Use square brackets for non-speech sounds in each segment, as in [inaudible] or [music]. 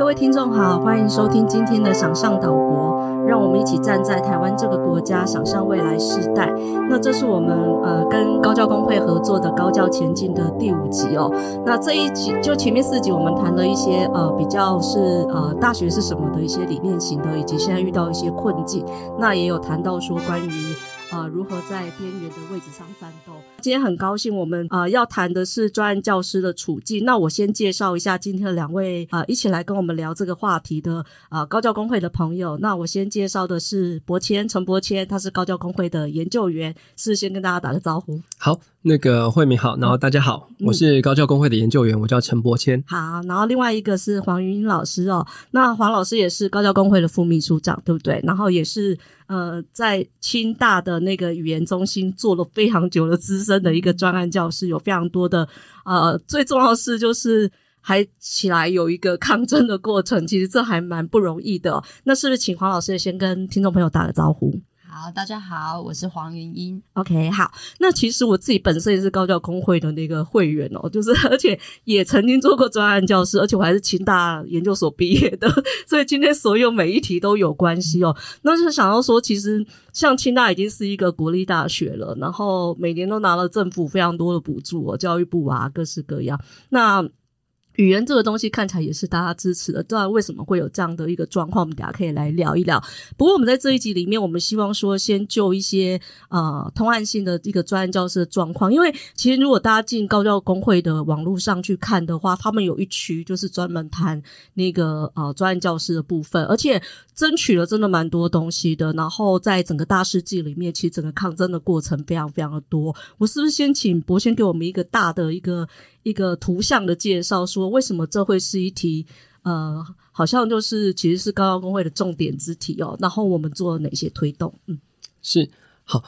各位聽眾好，歡迎收聽今天的《想象島國》，讓我們一起站在台灣這個國家，想象未來世代。那這是我們呃跟高教工會合作的高教前進的第五集哦。那這一集就前面四集我們談了一些呃比較是呃大學是什麼的一些理念型的，以及現在遇到一些困境，那也有談到說關於，啊、呃，如何在邊緣的位置上戰鬥？今天很高興，我們啊、呃、要談的是專案教師的處境。那我先介紹一下今天的兩位啊、呃，一起來跟我們聊這個話題的啊、呃、高教工會的朋友。那我先介紹的是柏謙陳柏謙，他是高教工會的研究員，事先跟大家打個招呼。好，那個惠敏好，然後大家好、嗯，我是高教工會的研究員，我叫陳柏謙。好，然後另外一個是黃芸茵老師哦，那黃老師也是高教工會的副秘書長，對不對？然後也是。呃，在清大的那個語言中心做了非常久的資深的一個專案教師，有非常多的。呃，最重要的是就是還起來有一個抗爭的過程，其實這還蠻不容易的哦。那是不是請黃老師先跟聽眾朋友打個招呼？好，大家好，我是黃芸茵。OK，好，那其實我自己本身也是高教工會的那個會員喔，就是而且也曾經做過專案教師，而且我還是清大研究所畢業的，所以今天所有每一題都有關係喔，嗯。那就想要說，其實像清大已經是一個國立大學了，然後每年都拿了政府非常多的補助喔，教育部啊各式各樣。那語言這個東西看起來也是大家支持的，不知道為什麼會有這樣的一個狀況，我們大家可以來聊一聊。不過我們在這一集裡面，我們希望說先就一些呃通案性的一個專案教師的狀況，因為其實如果大家進高教工會的網絡上去看的話，他們有一區就是專門談那個呃專案教師的部分，而且爭取了真的蠻多東西的。然後在整個大事記裡面，其實整個抗爭的過程非常非常的多。我是不是先請柏謙給我們一個大的一個？一個圖像的介紹，說為什麼這會是一題？呃，好像就是其實是高教工會的重點之題哦、喔。然後我們做了哪些推動？嗯，是好。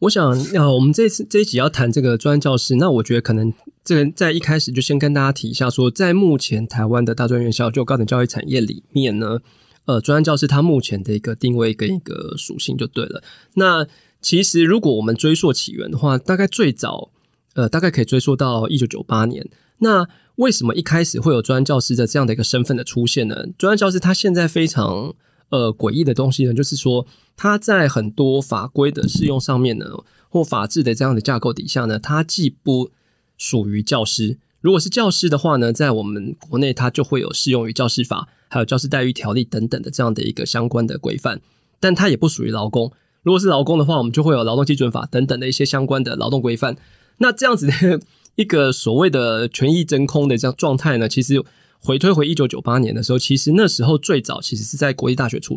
我想那我們這次這一集要談這個專案教師，那我覺得可能這在一開始就先跟大家提一下說，說在目前台灣的大專院校就高等教育產業裡面呢，呃，專案教師他目前的一個定位跟一個屬性就對了。那其實如果我們追溯起源的話，大概最早。呃，大概可以追溯到一九九八年。那為什麼一開始會有專案教師的這樣的一個身份的出現呢？專案教師他現在非常呃詭異的東西呢，就是說他在很多法規的適用上面呢，或法治的這樣的架構底下呢，他既不屬於教師，如果是教師的話呢，在我們國內他就會有適用於教師法，還有教師待遇條例等等的這樣的一個相關的規範；但他也不屬於勞工，如果是勞工的話，我們就會有勞動基準法等等的一些相關的勞動規範。那這樣子的一個所謂的權益真空的這樣狀態呢，其實回推回一九九八年的時候，其實那時候最早其實是在國立大學處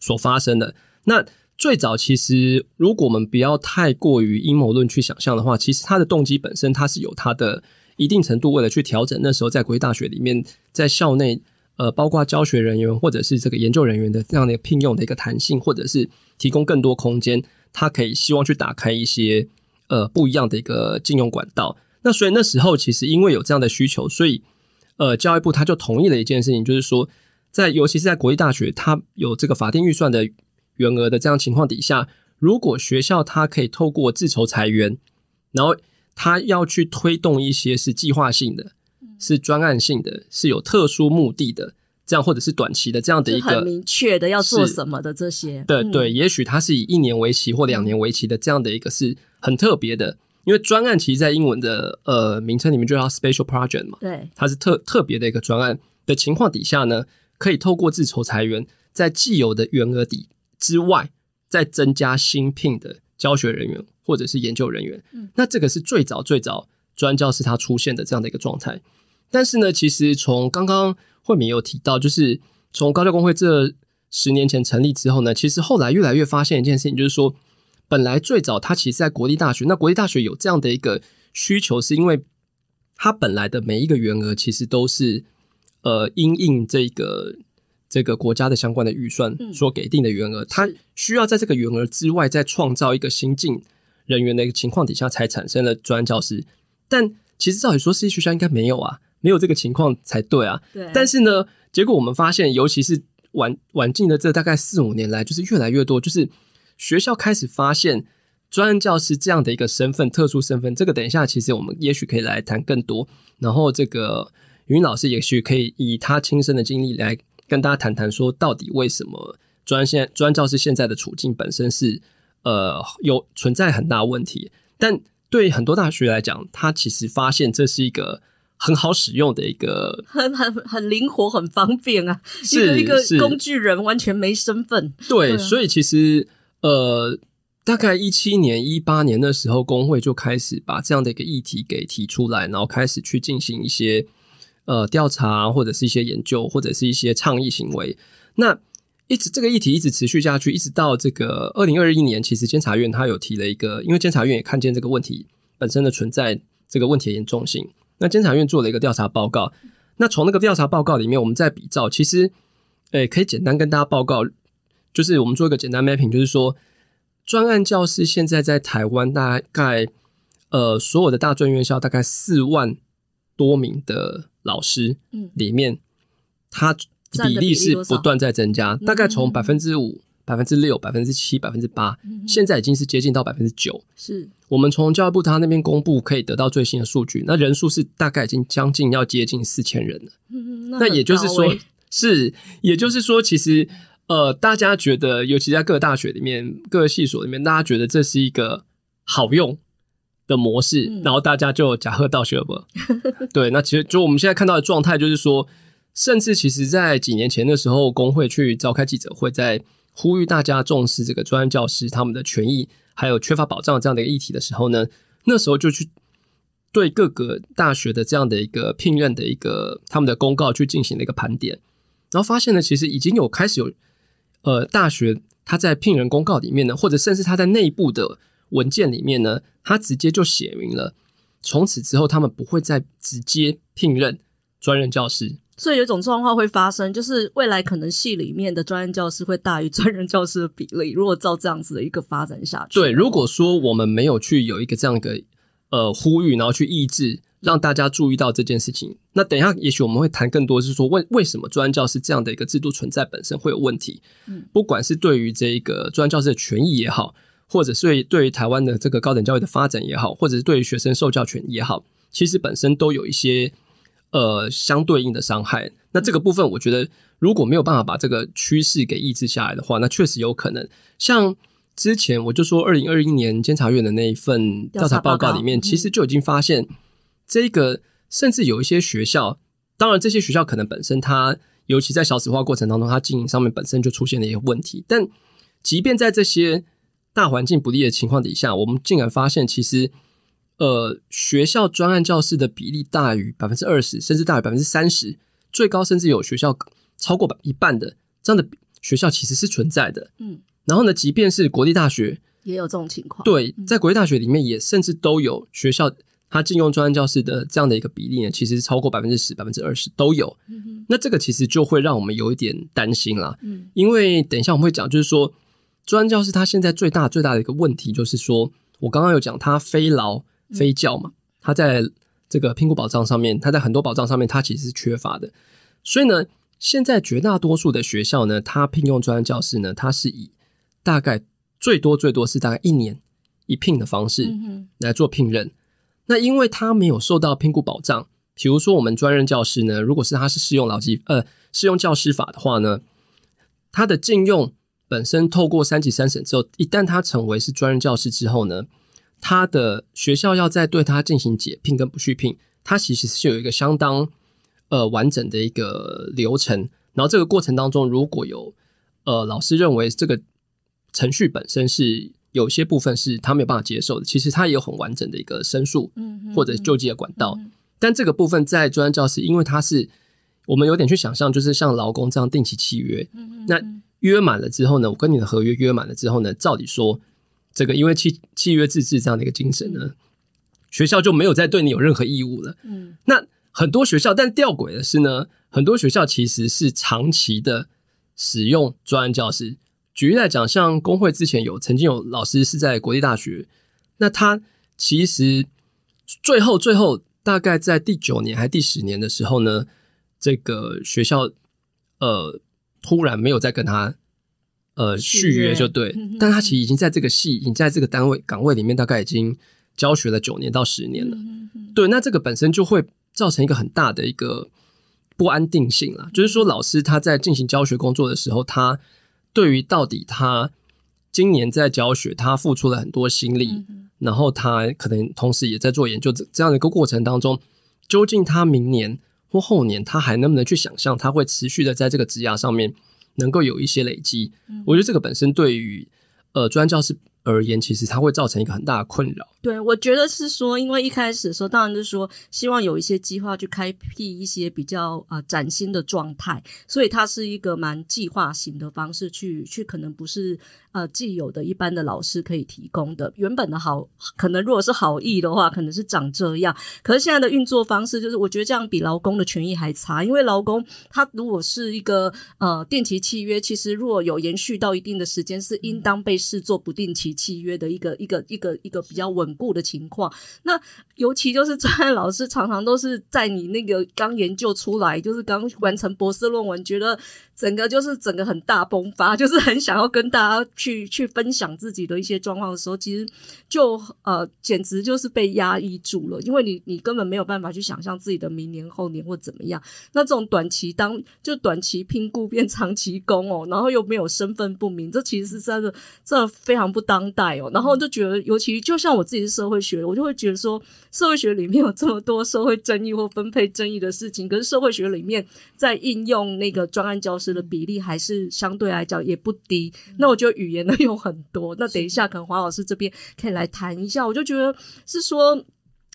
所發生的。那最早其實如果我們不要太過於陰謀論去想象的話，其實它的動機本身它是有它的一定程度，為了去調整那時候在國立大學裡面在校內呃，包括教學人員或者是這個研究人員的這樣的一個聘用的一個彈性，或者是提供更多空間，它可以希望去打開一些。呃，不一樣的一個進用管道，那所以那時候其實因為有這樣的需求，所以呃，教育部他就同意了一件事情，就是說，在尤其是在國立大學，它有這個法定預算的員額的這樣情況底下，如果學校它可以透過自籌財源，然後它要去推動一些是計劃性的、是專案性的、是有特殊目的的。這樣或者是短期的這樣的一個很明確的要做什麼的這些，對對，也許它是以一年為期或兩年為期的這樣的一個是很特別的，因為專案其實在英文的呃名稱裡面就叫 special project 嘛，對，它是特特別的一個專案的情況底下呢，可以透過自籌財源，在既有的員額底之外再增加新聘的教學人員或者是研究人員，那這個是最早最早專案教師他出現的這樣的一個狀態，但是呢，其實從剛剛會沒有提到，就是從高教工會這十年前成立之後呢，其實後來越來越發現一件事情，就是說，本來最早他其實在國立大學，那國立大學有這樣的一個需求，是因為他本來的每一個員額其實都是呃因應這個這個國家的相關的預算所給定的員額，嗯，他需要在這個員額之外再創造一個新進人員的一個情況底下才產生了專教師，但其實照理說私立學校應該沒有啊。沒有這個情況才對啊，對啊。但是呢，結果我們發現，尤其是晚晚近的這大概四五年來，就是越來越多，就是學校開始發現專案教師這樣的一個身份、特殊身份。這個等一下，其實我們也許可以來談更多。然後，這個芸老師也許可以以他親身的經歷來跟大家談談，說到底為什麼專案先專案教師現在的處境本身是呃有存在很大問題。但對很多大學來講，他其實發現這是一個。很好使用的一個很很、很很很靈活、很方便啊！一個一個工具人，完全沒身份。對，對啊，所以其實呃，大概一七年、一八年的時候，工會就開始把這樣的一個議題給提出來，然後開始去進行一些呃調查，或者是一些研究，或者是一些倡議行為。那一直這個議題一直持續下去，一直到這個二零二一年，其實監察院他有提了一個，因為監察院也看見這個問題本身的存在，這個問題的嚴重性。那監察院做了一個調查報告，那從那個調查報告裡面，我們再比照，其實，誒、欸，可以簡單跟大家報告，就是我們做一個簡單 mapping，就是說，專案教師現在在台灣大概，呃，所有的大專院校大概四萬多名的老師裡面，他、嗯、比例是不斷在增加，嗯、大概從百分之五。百分之六、百分之七、百分之八，現在已經是接近到百分之九。是我們從教育部他那邊公布可以得到最新的數據，那人數是大概已經將近要接近四千人了、嗯那欸。那也就是說，是，也就是說，其實呃，大家覺得，尤其在各個大學裡面、各個系所裡面，大家覺得這是一個好用的模式，嗯、然後大家就假賀到學博。 [laughs] 對，那其實就我們現在看到的狀態，就是說，甚至其實在幾年前的時候，工會去召開記者會，在呼籲大家重視這個專任教師他們的權益，還有缺乏保障這樣的一個議題的時候呢，那時候就去對各個大學的這樣的一個聘任的一個他們的公告去進行了一個盤點，然後發現呢，其實已經有開始有，呃，大學他在聘任公告裡面呢，或者甚至他在內部的文件裡面呢，他直接就寫明了，從此之後他們不會再直接聘任專任教師。所以有一種狀況會發生，就是未來可能系裡面的專案教師會大於專任教師的比例。如果照這樣子的一個發展下去，對，如果說我們沒有去有一個這樣一個呃呼籲，然後去抑制讓大家注意到這件事情，嗯、那等一下也許我們會談更多，是說為為什麼專案教師這樣的一個制度存在本身會有問題？嗯、不管是對於這個專案教師的權益也好，或者是對於台灣的這個高等教育的發展也好，或者是對於學生受教權也好，其實本身都有一些。呃，相對應的傷害。那這個部分，我覺得如果沒有辦法把這個趨勢給抑制下來的話，那確實有可能。像之前我就說，二零二一年監察院的那一份調查報告裡面，其實就已經發現這個，甚至有一些學校。當然，這些學校可能本身它，尤其在少子化過程當中，它經營上面本身就出現了一些問題。但即便在這些大環境不利的情況底下，我們竟然發現其實。呃，學校專案教師的比例大於百分之二十，甚至大於百分之三十，最高甚至有學校超過一半的這樣的學校其實是存在的。嗯。然後呢，即便是國立大學也有這種情況。對、嗯，在國立大學裡面，也甚至都有學校它進用專案教師的這樣的一個比例呢，其實超過百分之十、百分之二十都有。嗯，那這個其實就會讓我們有一點擔心啦。嗯。因為等一下我們會講，就是說專案教師它現在最大最大的一個問題，就是說我剛剛有講它非勞。非教嘛，他在這個聘僱保障上面，他在很多保障上面，他其實是缺乏的。所以呢，現在絕大多數的學校呢，他聘用專任教師呢，他是以大概最多最多是大概一年一聘的方式來做聘任。嗯、那因為他沒有受到聘僱保障，比如說我們專任教師呢，如果是他是適用勞基呃適用教師法的話呢，他的進用本身透過三級三審之後，一旦他成為是專任教師之後呢。他的學校要再對他進行解聘跟不續聘，他其實是有一個相當呃完整的一個流程。然後這個過程當中，如果有呃老師認為這個程序本身是有些部分是他沒有辦法接受的，其實他也有很完整的一個申訴或者救濟的管道、嗯嗯。但這個部分在專案教師，因為他是我們有點去想象，就是像勞工這樣定期契約，嗯、那約滿了之後呢，我跟你的合約約滿了之後呢，照理說。這個因為契契約自治這樣的一個精神呢，學校就沒有再對你有任何義務了。嗯，那很多學校，但吊詭的是呢，很多學校其實是長期的使用專案教師。舉例來講，像工會之前有曾經有老師是在國立大學，那他其實最後最後大概在第九年還是第十年的時候呢，這個學校呃突然沒有再跟他。呃，續約就對，但他其實已經在這個系，已經在這個單位崗位裡面，大概已經教學了九年到十年了。嗯哼哼。對，那這個本身就會造成一個很大的一個不安定性了。嗯，就是說，老師他在進行教學工作的時候，他對於到底他今年在教學，他付出了很多心力，嗯，然後他可能同時也在做研究這樣的一個過程當中，究竟他明年或後年，他還能不能去想象他會持續的在這個職涯上面？能夠有一些累積，我覺得這個本身對於呃專教師而言，其實，它會造成一個很大的困擾。對，我覺得是說，因為一開始的時候，當然就是說希望有一些計劃去開闢一些比較啊、呃、嶄新的狀態，所以它是一個蠻計劃型的方式去去，可能不是。呃，既有的一般的老師可以提供的原本的好，可能如果是好意的話，可能是長這樣。可是現在的運作方式就是，我覺得這樣比勞工的權益還差，因為勞工他如果是一個呃定期契約，其實如果有延續到一定的時間，是應當被視作不定期契約的一個一個一個一個比較穩固的情況。那尤其就是專案老師，常常都是在你那個剛研究出來，就是剛完成博士論文，覺得。整個就是整個很大崩發，就是很想要跟大家去去分享自己的一些狀況的時候，其實就呃，簡直就是被壓抑住了，因為你你根本沒有辦法去想象自己的明年後年會怎麼樣。那這種短期當就短期聘僱變長期工哦，然後又沒有身份不明，這其實是真的，這非常不當代哦。然後就覺得，尤其就像我自己是社會學，我就會覺得說，社會學裡面有這麼多社會爭議或分配爭議的事情，可是社會學裡面在應用那個專案教師。的比例還是相對來講也不低，那我覺得語言呢有很多，那等一下可能黃老師這邊可以來談一下。我就覺得是說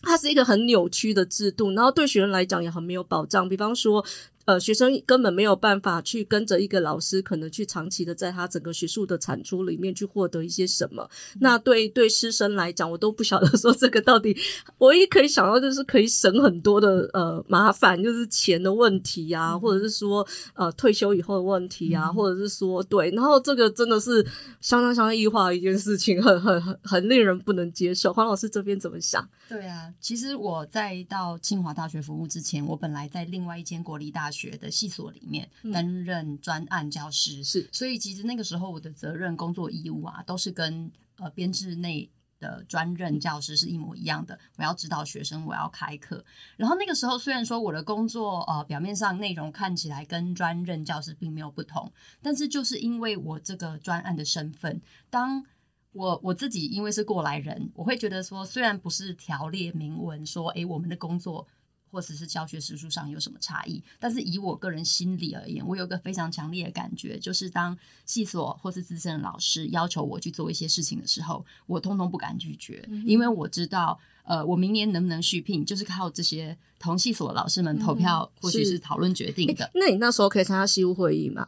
它是一個很扭曲的制度，然後對學生來講也很沒有保障，比方說。呃，學生根本沒有辦法去跟着一個老師，可能去長期的在他整個學術的產出裡面去獲得一些什麼。那對對師生來講，我都不曉得說這個到底，唯一可以想到就是可以省很多的呃麻煩，就是錢的問題啊，或者是說呃退休以後的問題啊，嗯、或者是說對，然後這個真的是相當相當異化的一件事情，很很很令人不能接受。黃老師這邊怎麼想？對啊，其實我在到清華大學服務之前，我本來在另外一間國立大學，學的系所裡面擔任專案教師是、嗯，所以其實那個時候我的責任工作義務啊，都是跟呃編制內的專任教師是一模一樣的。我要指導學生，我要開課。然後那個時候雖然說我的工作呃表面上內容看起來跟專任教師並沒有不同，但是就是因為我這個專案的身份，當我我自己因為是過來人，我會覺得說，雖然不是條列明文說，哎，我們的工作。或者是教學時數上有什麼差異？但是以我個人心理而言，我有個非常強烈的感覺，就是當系所或是資深的老師要求我去做一些事情的時候，我通通不敢拒絕、嗯，因為我知道，呃，我明年能不能續聘，就是靠這些同系所老師們投票、嗯、或者是討論決定的、欸。那你那時候可以參加系務會議嗎？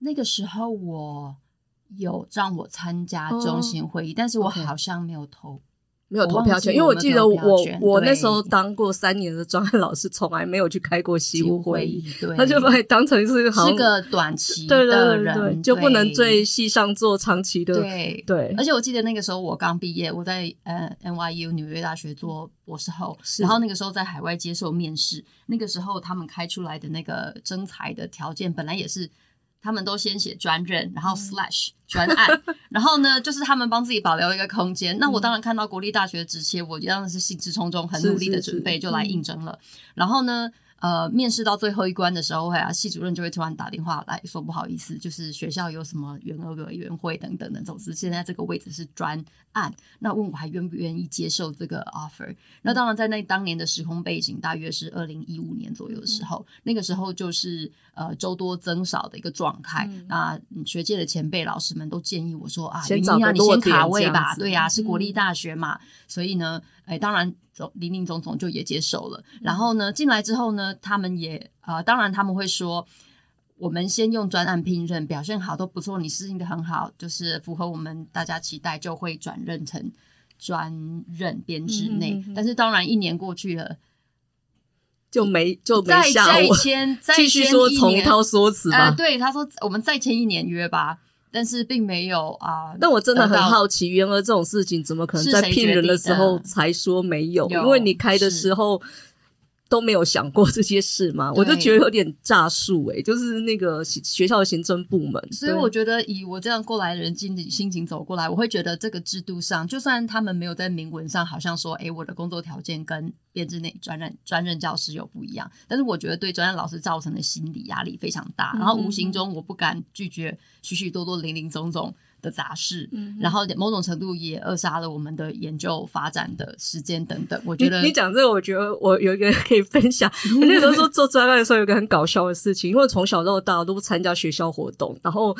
那個時候我有讓我參加中心會議、哦，但是我好像沒有投。Okay. 沒有投票權，因為我記得我我，我那時候當過三年的專案老師，從來沒有去開過系務會議。對，他就把你當成是好是個短期的人，對對對對對就不能在系上做長期的。對對，對，而且我記得那個時候我剛畢業，我在、呃、NYU 紐約大學做博士後，然後那個時候在海外接受面試，那個時候他們開出來的那個徵才的條件本來也是。他們都先寫專任，然後 slash 專案，嗯、 [laughs] 然後呢，就是他們幫自己保留一個空間。那我當然看到國立大學職缺，我當然是興致沖沖、很努力的準備就來應徵了。然後呢，呃，面試到最後一關的時候，哎呀，系主任就會突然打電話來說：“不好意思，就是學校有什麼員額委員會等等等，總之現在這個位置是專案，那問我還願不願意接受這個 offer？”、嗯、那當然，在那當年的時空背景，大約是二零一五年左右的時候，嗯、那個時候就是呃，周多增少的一個狀態、嗯、那學界的前輩老師們都建議我說：“啊，先找個、啊、你先卡位吧，對呀、啊，是國立大學嘛、嗯，所以呢，哎，當然。”總林林總總就也接受了，然後呢，進來之後呢，他們也呃當然他們會說，我們先用專案聘任，表現好都不錯，你適應得很好，就是符合我們大家期待，就會轉任成專任編制內。嗯嗯嗯。但是當然一年過去了，就沒就沒下文。再簽，繼續說從頭說辭吧。呃，對，他說我們再簽一年約吧。但是並沒有啊、呃，但我真的很好奇，原來這種事情怎麼可能在聘人的時候才說沒有，有？因為你開的時候。都沒有想過這些事嗎？我就覺得有點詐術誒，就是那個學校的行政部門。所以我覺得，以我這樣過來的人，心情心情走過來，我會覺得這個制度上，就算他們沒有在明文上好像說，哎、欸，我的工作條件跟編制內專任專任教師有不一樣，但是我覺得對專任老師造成的心理壓力非常大，然後無形中我不敢拒絕許許多多林林總總，的雜事、嗯，然後某種程度也扼殺了我們的研究發展的時間等等。我覺得你講這個，我覺得我有一個可以分享。我那時候說做專案的時候，有一個很搞笑的事情， [laughs] 因為從小到大都不參加學校活動，然後。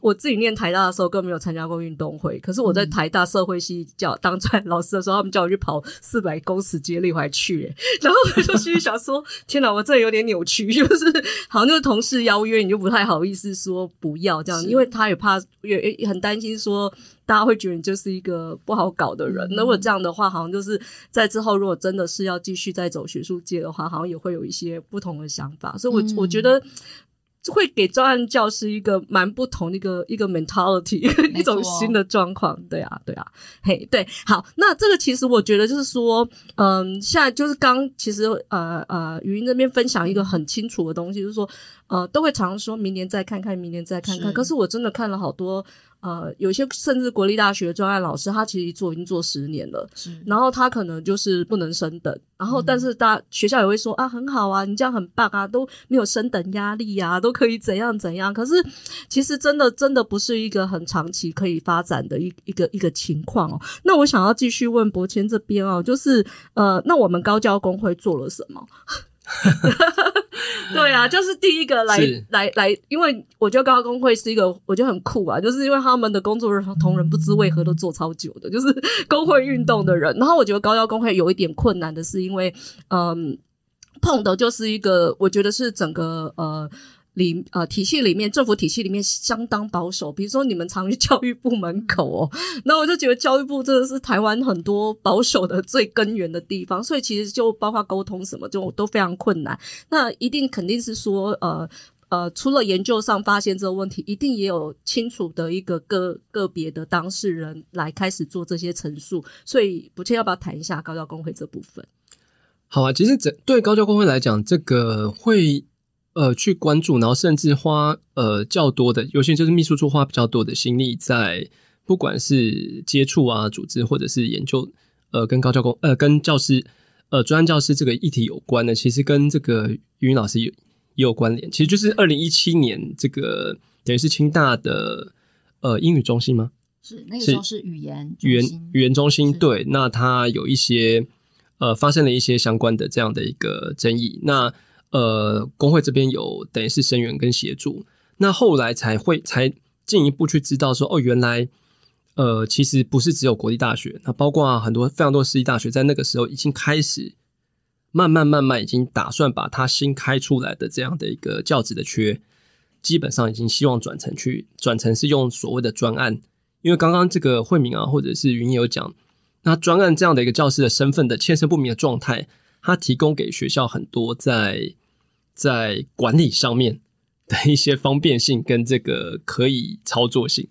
我自己念台大的時候，更沒有參加過運動會。可是我在台大社會系教、嗯、當專老師的時候，他們叫我去跑四百公尺接力，我還去、欸。然後我就去想說： [laughs] 天哪，我這有點扭曲，就是好像就是同事邀約，你就不太好意思說不要這樣，因為他也怕也很擔心說大家會覺得你就是一個不好搞的人。那、嗯、如果這樣的話，好像就是在之後，如果真的是要繼續再走學術界的話，好像也會有一些不同的想法。所以我，我、嗯、我覺得。會給專案教師一個蠻不同的一個一個 mentality、哦、 [laughs] 一種新的狀況。對啊，對啊，嘿，對，好，那這個其實我覺得就是說，嗯，現在就是剛其實呃呃，芸、呃、茵這邊分享一個很清楚的東西，嗯、就是說呃，都會常說明年再看看，明年再看看。是可是我真的看了好多。呃，有些甚至國立大學專案老師，他其實做已經做十年了，然後他可能就是不能升等，然後但是大、嗯、學校也會說啊，很好啊，你這樣很棒啊，都沒有升等壓力呀、啊，都可以怎樣怎樣。可是其實真的真的不是一個很長期可以發展的一個一個一個情況哦。那我想要繼續問柏謙這邊哦，就是呃，那我們高教工會做了什麼？ [laughs] [laughs] 對啊，就是第一個來來來，因為我覺得高教工會是一個我覺得很酷啊，就是因為他們的工作同人同仁不知為何都做超久的， [music] 就是工會運動的人。然後我覺得高教工會有一點困難的是，因為嗯，碰的就是一個我覺得是整個呃。裡啊體系裡面，政府體系裡面相當保守。比如說你們常去教育部門口哦，那我就覺得教育部真的是台灣很多保守的最根源的地方。所以其實就包括溝通什麼，就都非常困難。那一定肯定是說，呃呃，除了研究上發現這個問題，一定也有清楚的一個個個別的當事人來開始做這些陳述。所以不確定要不要談一下高教工會這部分。好啊，其實整對高教工會來講，這個會。呃，去關注，然後甚至花呃較多的，尤其就是秘書處花比較多的心力在，不管是接觸啊、組織或者是研究，呃，跟高教工呃、跟教師呃、專案教師這個議題有關的，其實跟這個芸茵老師也也有關聯。其實就是二零一七年這個等於是清大的呃英語中心嗎？是那個時候是語言是語言語言中心對，那他有一些呃發生了一些相關的這樣的一個爭議，那。呃，工會這邊有等於是聲援跟協助，那後來才會才進一步去知道說，哦，原來呃其實不是只有國立大學，那包括、啊、很多非常多私立大學，在那個時候已經開始慢慢慢慢已經打算把他新開出來的這樣的一個教職的缺，基本上已經希望轉成去轉成是用所謂的專案，因為剛剛這個惠敏啊或者是芸茵有講，那專案這樣的一個教師的身份的前身不明的狀態。它提供給學校很多在在管理上面的一些方便性跟這個可以操作性。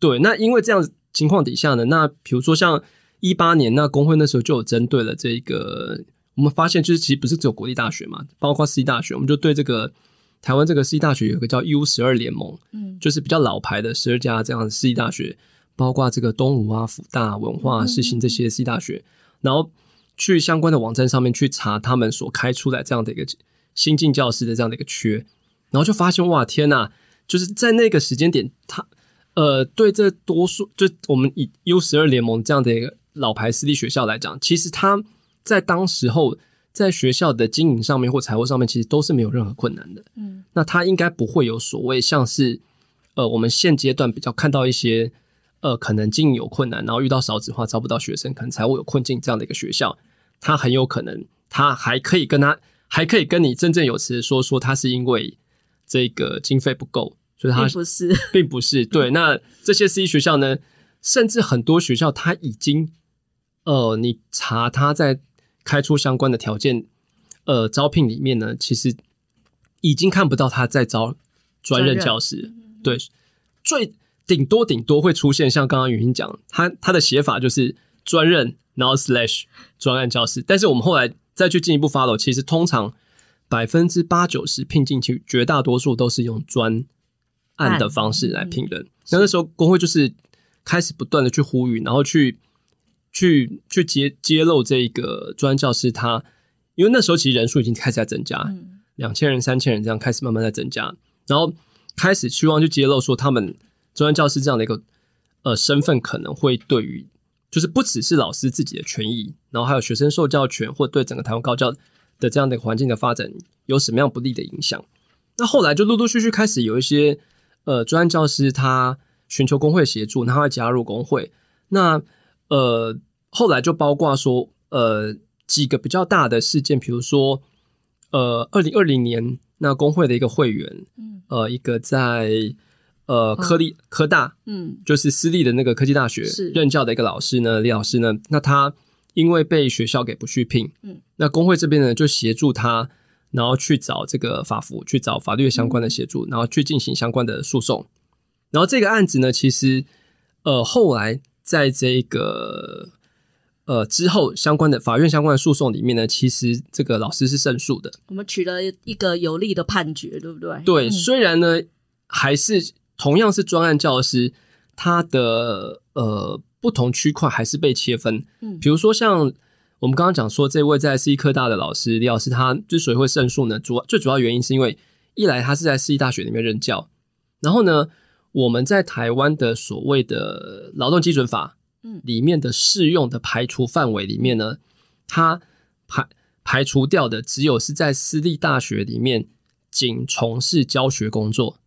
對，那因為這樣情況底下呢，那比如說像一八年，那工會那時候就有針對了這個，我們發現就是其實不是只有國立大學嘛，包括私立大學，我們就對這個台灣這個私立大學有個叫 U 十二聯盟，就是比較老牌的十二家這樣私立大學，包括這個東吳啊、輔大、文化、啊、世新這些私立大學，然後。去相關的網站上面去查他們所開出來這樣的一個新進教師的這樣的一個缺，然後就發現哇天哪、啊！就是在那個時間點，他呃，對這多數就我們以 U12 聯盟這樣的一個老牌私立學校來講，其實他在當時候在學校的經營上面或財務上面其實都是沒有任何困難的。嗯，那他應該不會有所謂像是呃，我們現階段比較看到一些呃，可能經營有困難，然後遇到少子化招不到學生，可能財務有困境這樣的一個學校。他很有可能，他還可以跟他還可以跟你振振有詞的說說，他是因為這個經費不夠，所以他並不是，並不是 [laughs] 對。那這些私立學校呢，甚至很多學校他已經，呃，你查他在開出相關的條件，呃，招聘裡面呢，其實已經看不到他在招專任教師。對，最頂多頂多會出現像剛剛芸茵講，他他的寫法就是專任。然後 slash 專案教師，但是我們後來再去進一步 follow，其實通常百分之八九十聘進去，絕大多數都是用專案的方式來聘人。那、嗯嗯、那時候工會就是開始不斷的去呼籲，然後去去去揭揭露這個專案教師他，因為那時候其實人數已經開始在增加，兩、嗯、千人、三千人這樣開始慢慢在增加，然後開始希望去揭露說他們專案教師這樣的一個呃身份可能會對於。就是不只是老師自己的權益，然後還有學生受教權，或對整個台灣高教的這樣的環境的發展有什麼樣不利的影響？那後來就陸陸續續開始有一些呃專案教師他尋求工會協助，然後他加入工會。那呃後來就包括說呃幾個比較大的事件，比如說呃二零二零年那工會的一個會員，呃一個在。呃，弘光科大，嗯，就是私立的那個科技大學任教的一個老師呢，黎老師呢，那他因為被學校給不續聘，嗯，那工會這邊呢就協助他，然後去找這個法服，去找法律相關的協助，然後去進行相關的訴訟。然後這個案子呢，其實，呃，後來在這個呃之後相關的法院相關的訴訟裡面呢，其實這個老師是勝訴的，我們取得一個有利的判決，對不對？對，雖然呢，還是。同樣是專案教師，他的呃不同區塊還是被切分。嗯，比如說像我們剛剛講說，這位在私立科大的老師黎老師，他之所以會勝訴呢，主要最主要原因是因為一來他是在私立大學裡面任教，然後呢，我們在台灣的所謂的勞動基準法嗯裡面的適用的排除範圍裡面呢，他排排除掉的只有是在私立大學裡面僅從事教學工作。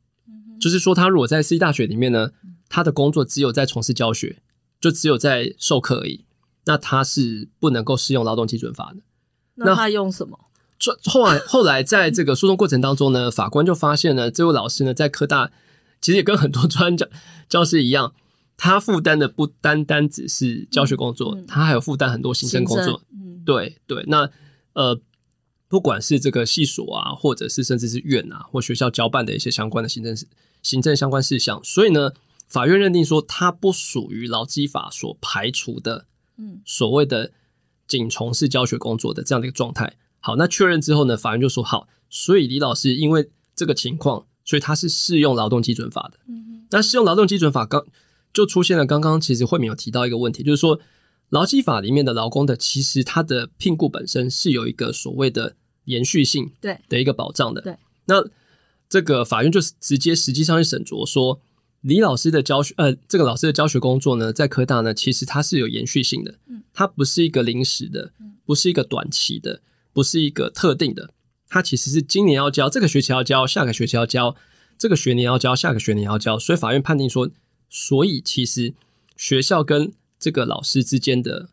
就是說，他如果在私立大學裡面呢，他的工作只有在從事教學，就只有在授課而已，那他是不能夠適用勞動基準法的。那他用什麼？後來，後來在這個訴訟過程當中呢， [laughs] 法官就發現呢，這位老師呢，在科大其實也跟很多專案教師一樣，他負擔的不單單只是教學工作，嗯、他還有負擔很多行政工作。嗯、對對。那呃，不管是這個系所啊，或者是甚至是院啊，或學校交辦的一些相關的行政事。行政相關事項，所以呢，法院認定說它不屬於勞基法所排除的，嗯，所謂的僅從事教學工作的這樣的一個狀態。好，那確認之後呢，法院就說好，所以李老師因為這個情況，所以他是適用勞動基準法的。嗯哼，那適用勞動基準法剛就出現了剛剛其實惠敏有提到一個問題，就是說勞基法裡面的勞工的其實他的聘僱本身是有一個所謂的延續性對的一個保障的。對，對，那。這個法院就是直接實際上去審酌說，李老師的教學，呃，這個老師的教學工作呢，在科大呢，其實它是有延續性的，它不是一個臨時的，不是一個短期的，不是一個特定的，它其實是今年要教，這個學期要教，下個學期要教，這個學年要教，下個學年要教，所以法院判定說，所以其實學校跟這個老師之間的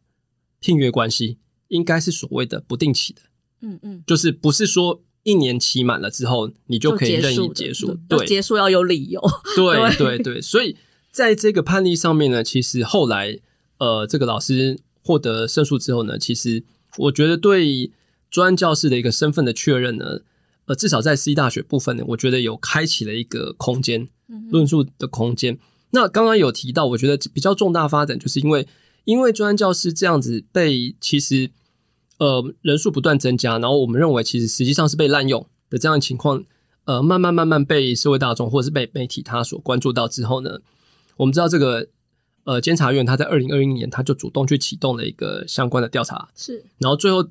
聘約關係應該是所謂的不定期的，嗯嗯，就是不是說。一年期滿了之後，你就可以任意結束。對，結束要有理由。對對對，對，所以在這個判例上面呢，其實後來呃，這個老師獲得勝訴之後呢，其實我覺得對專案教師的一個身份的確認呢，呃，至少在私立大學部分呢，我覺得有開啟了一個空間論述的空間。那剛剛有提到，我覺得比較重大發展，就是因為因為專案教師這樣子被其實。呃，人數不斷增加，然後我們認為其實實際上是被濫用的這樣的情況，呃，慢慢慢慢被社會大眾或者是被媒體他所關注到之後呢，我們知道這個呃監察院他在二零二一年他就主動去啟動了一個相關的調查，是，然後最後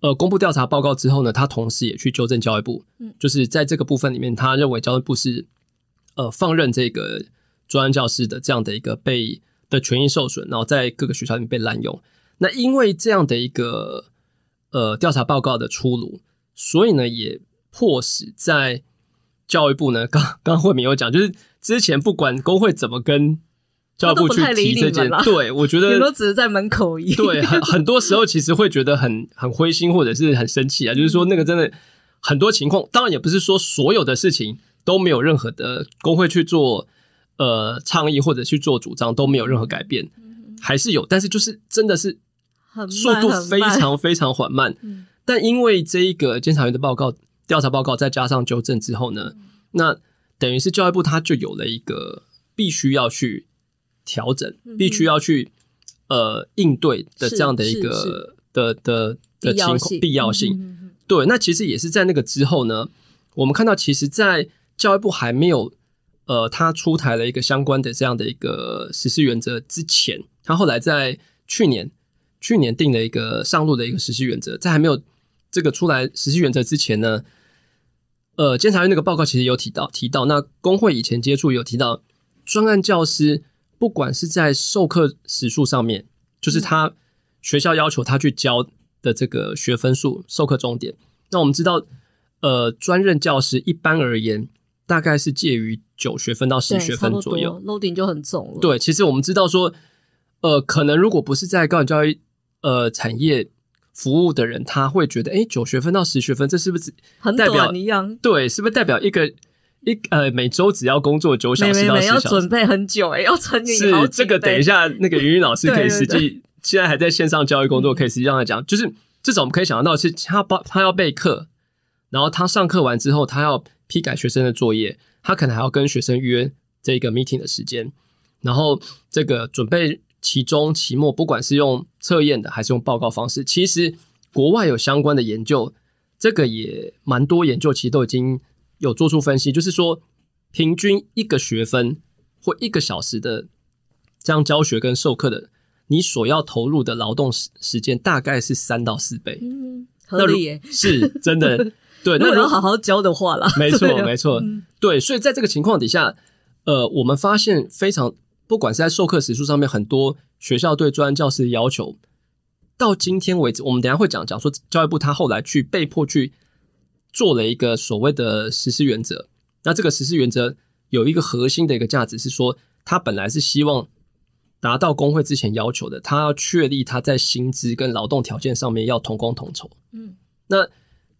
呃公布調查報告之後呢，他同時也去糾正教育部，嗯，就是在這個部分裡面，他認為教育部是呃放任這個專案教師的這樣的一個被的權益受損，然後在各個學校裡面被濫用，那因為這樣的一個。呃，調查報告的出爐，所以呢，也迫使在教育部呢，剛剛惠敏有講，就是之前不管工會怎麼跟教育部去提這件，對，我覺得你都只是在門口。對，很很多時候其實會覺得很很灰心或者是很生氣啊。 [laughs] 就是說，那個真的很多情況，當然也不是說所有的事情都沒有任何的工會去做呃倡議或者去做主張都沒有任何改變，還是有，但是就是真的是。很慢很慢，速度非常非常緩慢，嗯，但因為這一個監察院的報告、調查報告再加上糾正之後呢，那等於是教育部它就有了一個必須要去調整、嗯、必須要去呃應對的這樣的一個的的的、的情況必要性、必要性，嗯。對，那其實也是在那個之後呢，我們看到其實，在教育部還沒有呃，他出台了一個相關的這樣的一個實施原則之前，他後來在去年。去年定了一個上路的一個實施原則，在還沒有這個出來實施原則之前呢，呃，監察院那個報告其實有提到提到，那工會以前接觸有提到，專案教師不管是在授課時數上面，就是他學校要求他去教的這個學分數、授課鐘點，那我們知道，呃，專任教師一般而言大概是介於九學分到十學分左右，loading 就很重了。對，其實我們知道說，呃，可能如果不是在高等教育呃，產業服務的人他會覺得，哎、欸，九學分到十學分，這是不是代表很短一樣？對，是不是代表一個一呃，每周只要工作九小時到十小時。沒沒沒，要準備很久哎、欸，要沉浸。是這個，等一下，那個芸茵老師可以實際現在還在線上教育工作，可以實際讓他講，就是至少我們可以想象到，是他他要備課，然後他上課完之後，他要批改學生的作業，他可能還要跟學生約這個 meeting 的時間，然後這個準備。期中期末，不管是用測驗的還是用報告方式，其實國外有相關的研究，這個也蠻多研究，其實都已經有做出分析，就是說平均一個學分或一個小時的這樣教學跟授課的，你所要投入的勞動時時間大概是三到四倍。嗯，合理耶，是真的。 [laughs] 對，那如果， [laughs] 如果好好教的話啦，沒錯、啊、沒錯。對，所以在這個情況底下，呃，我們發現非常。不管是在授課時數上面，很多學校對專案教師的要求，到今天為止，我們等一下會講講說，教育部他後來去被迫去做了一個所謂的實施原則。那這個實施原則有一個核心的一個價值是說，他本來是希望達到工會之前要求的，他要確立他在薪資跟勞動條件上面要同工同酬。嗯，那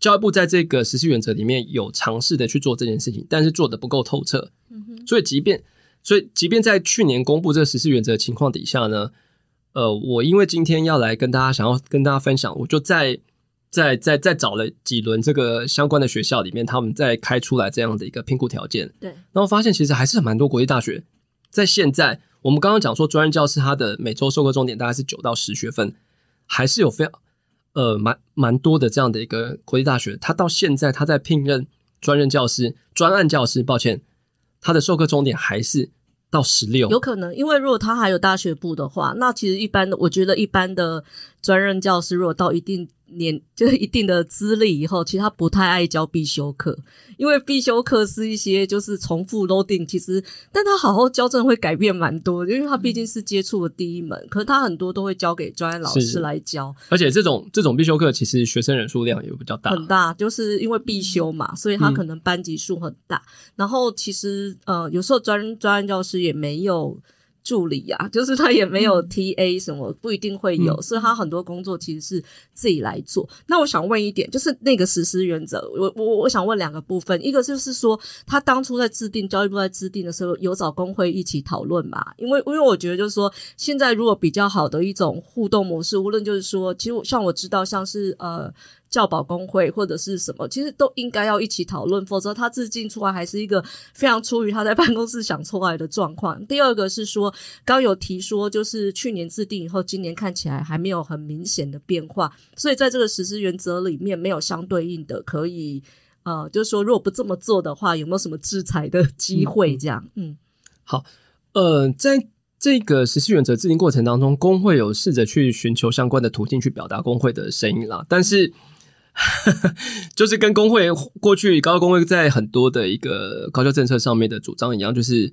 教育部在這個實施原則裡面有嘗試的去做這件事情，但是做的不夠透徹。嗯哼，所以即便。所以，即便在去年公布這個實施原則情況底下呢，呃，我因為今天要來跟大家想要跟大家分享，我就在在在在找了幾輪這個相關的學校裡面，他們在開出來這樣的一個聘僱條件，對，然後發現其實還是蠻多國立大學在，現在我們剛剛講說專任教師他的每週授課鐘點大概是九到十學分，還是有非常呃蠻蠻多的這樣的一個國立大學，他到現在他在聘任專任教師、專案教師，抱歉。他的授課鐘點還是到十六，有可能，因為如果他還有大學部的話，那其實一般的，我覺得一般的專任教師如果到一定。年就是一定的資歷以後，其實他不太愛教必修課，因為必修課是一些就是重複 loading。其實，但他好好教，真的會改變蠻多，因為他畢竟是接觸的第一門。可是他很多都會交給專案老師來教。而且這種這種必修課，其實學生人數量也比較大，很大，就是因為必修嘛，所以他可能班級數很大、嗯。然後其實呃，有時候專專案教師也沒有。助理啊，就是他也沒有 T A 什麼、嗯，不一定會有，所以他很多工作其實是自己來做。嗯，那我想問一點，就是那個實施原則，我我我想問兩個部分，一個就是說他當初在制定，教育部在制定的時候，有找工會一起討論嘛？因為因為我覺得就是說，現在如果比較好的一種互動模式，無論就是說，其實像我知道像是呃。教保工會或者是什麼，其實都應該要一起討論，否則他制定出來還是一個非常出於他在辦公室想出來的狀況。第二個是說，剛有提說，就是去年制定以後，今年看起來還沒有很明顯的變化，所以在這個實施原則裡面沒有相對應的可以，呃，就是說如果不這麼做的話，有沒有什麼制裁的機會？這樣嗯，嗯，好，呃，在這個實施原則制定過程當中，工會有試着去尋求相關的途徑去表達工會的聲音啦，但是。 [laughs] 就是跟工會過去高教工會在很多的一個高教政策上面的主張一樣，就是，誒、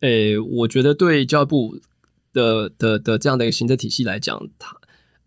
欸，我覺得對教育部的的的這樣的一個行政體系來講，他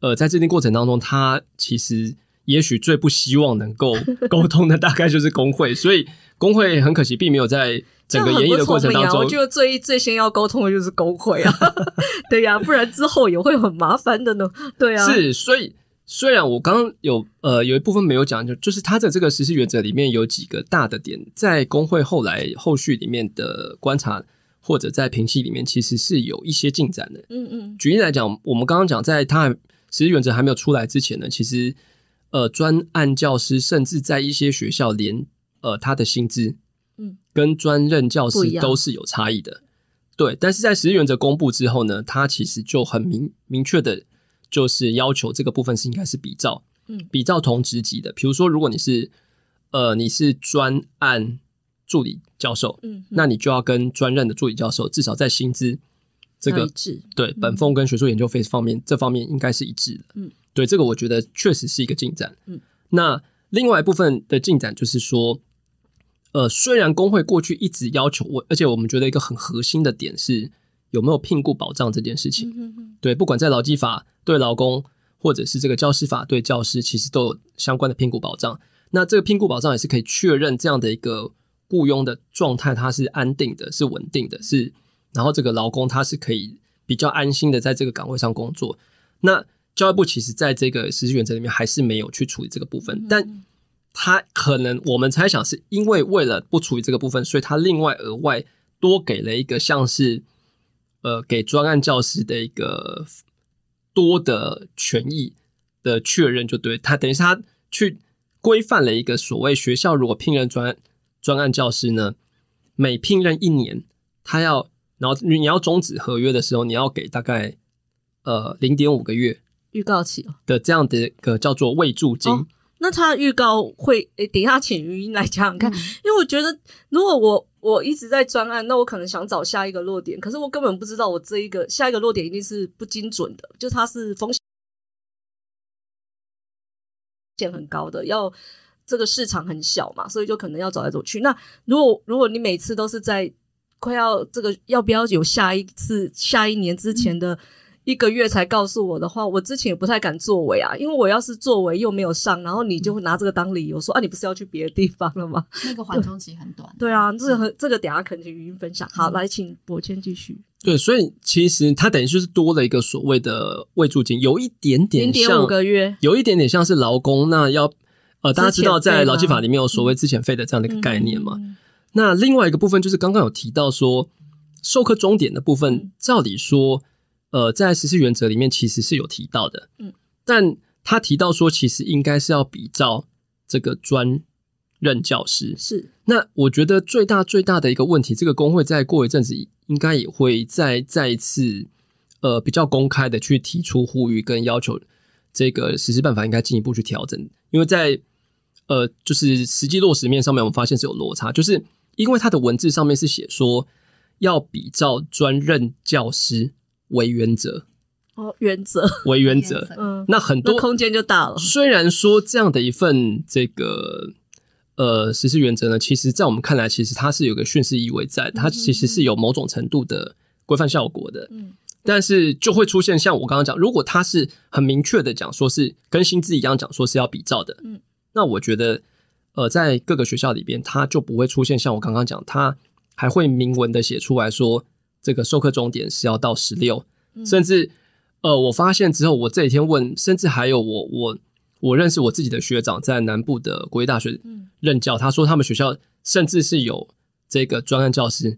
呃在制定過程當中，他其實也許最不希望能夠溝通的，大概就是工會。 [laughs] 所以工會很可惜，並沒有在整個研議的過程當中，啊、我覺得最最先要溝通的就是工會啊， [laughs] 對呀、啊，不然之後也會很麻煩的呢，對啊， [laughs] 是所以。雖然我剛剛有呃有一部分沒有講，就就是他的這個實施原則裡面有幾個大的點，在工會後來後續裡面的觀察，或者在評析裡面，其實是有一些進展的。嗯嗯。舉例來講，我們剛剛講在他實施原則還沒有出來之前呢，其實呃專案教師甚至在一些學校連呃他的薪資嗯跟專任教師都是有差異的。對，但是在實施原則公布之後呢，他其實就很明明確的。就是要求這個部分是應該是比照，嗯，比照同職級的。比如說，如果你是，呃，你是專案助理教授，嗯，嗯那你就要跟專任的助理教授至少在薪資這個一致對、嗯、本俸跟學術研究費方面這方面應該是一致的，嗯，對這個我覺得確實是一個進展。嗯，那另外一部分的進展就是說，呃，雖然工會過去一直要求我，而且我們覺得一個很核心的點是。有沒有聘僱保障這件事情？對，不管在勞基法對勞工，或者是這個教師法對教師，其實都有相關的聘僱保障。那這個聘僱保障也是可以確認這樣的一個僱傭的狀態，它是安定的，是穩定的，是，然後這個勞工他是可以比較安心的在這個崗位上工作。那教育部其實在這個實施原則裡面還是沒有去處理這個部分，但他可能我們猜想是因為為了不處理這個部分，所以他另外額外多給了一個像是。呃，給專案教師的一個多的權益的確認，就對，他等於是他去規範了一個所謂學校如果聘任專案，專案教師呢，每聘任一年，他要然後你要終止合約的時候，你要給大概呃零點五個月預告期的這樣的一個叫做未住金。那他預告會誒、欸，等一下，請芸茵來講講看、嗯，因為我覺得，如果我我一直在專案，那我可能想找下一個落點，可是我根本不知道我這一個下一個落點一定是不精準的，就它是風險很高的，要這個市場很小嘛，所以就可能要走來走去。那如果如果你每次都是在快要這個要不要有下一次、下一年之前的，嗯一個月才告訴我的話，我之前也不太敢作為啊，因為我要是作為又沒有上，然後你就拿這個當理由說、嗯、啊，你不是要去別的地方了嗎？那個緩衝期很短對。對啊，這個這個等下可能就芸茵分享。好，嗯、來請柏謙繼續。對，所以其實他等於就是多了一個所謂的未住金，有一點點像零點五個月，有一點點像是勞工。那要呃，大家知道在勞基法裡面有所謂資遣費的這樣的一個概念嘛嗯嗯嗯嗯。那另外一個部分就是剛剛有提到說，授課鐘點的部分，照理說。呃，在實施原則裡面，其實是有提到的。嗯，但他提到說，其實應該是要比照這個專任教師。是，那我覺得最大最大的一個問題，這個工會再過一陣子，應該也會再再一次，呃，比較公開的去提出呼籲跟要求，這個實施辦法應該進一步去調整。因為在呃，就是實際落實面上面，我們發現是有落差，就是因為它的文字上面是寫說要比照專任教師。為原則，哦，原則為原則，嗯，那很多空間就大了。雖然說這樣的一份這個呃實施原則呢，其實在我們看來，其實它是有個訓示意味在，它其實是有某種程度的規範效果的，嗯，嗯。但是就會出現像我剛剛講，如果它是很明確的講說，是跟薪資一樣講說是要比照的，嗯。那我覺得，呃，在各個學校裡邊，它就不會出現像我剛剛講，它還會明文的寫出來說。這個授課鐘點是要到十六，嗯，甚至呃，我發現之後，我這幾天問，甚至還有我我我認識我自己的學長在南部的國立大學任教，嗯，他說他們學校甚至是有這個專案教師，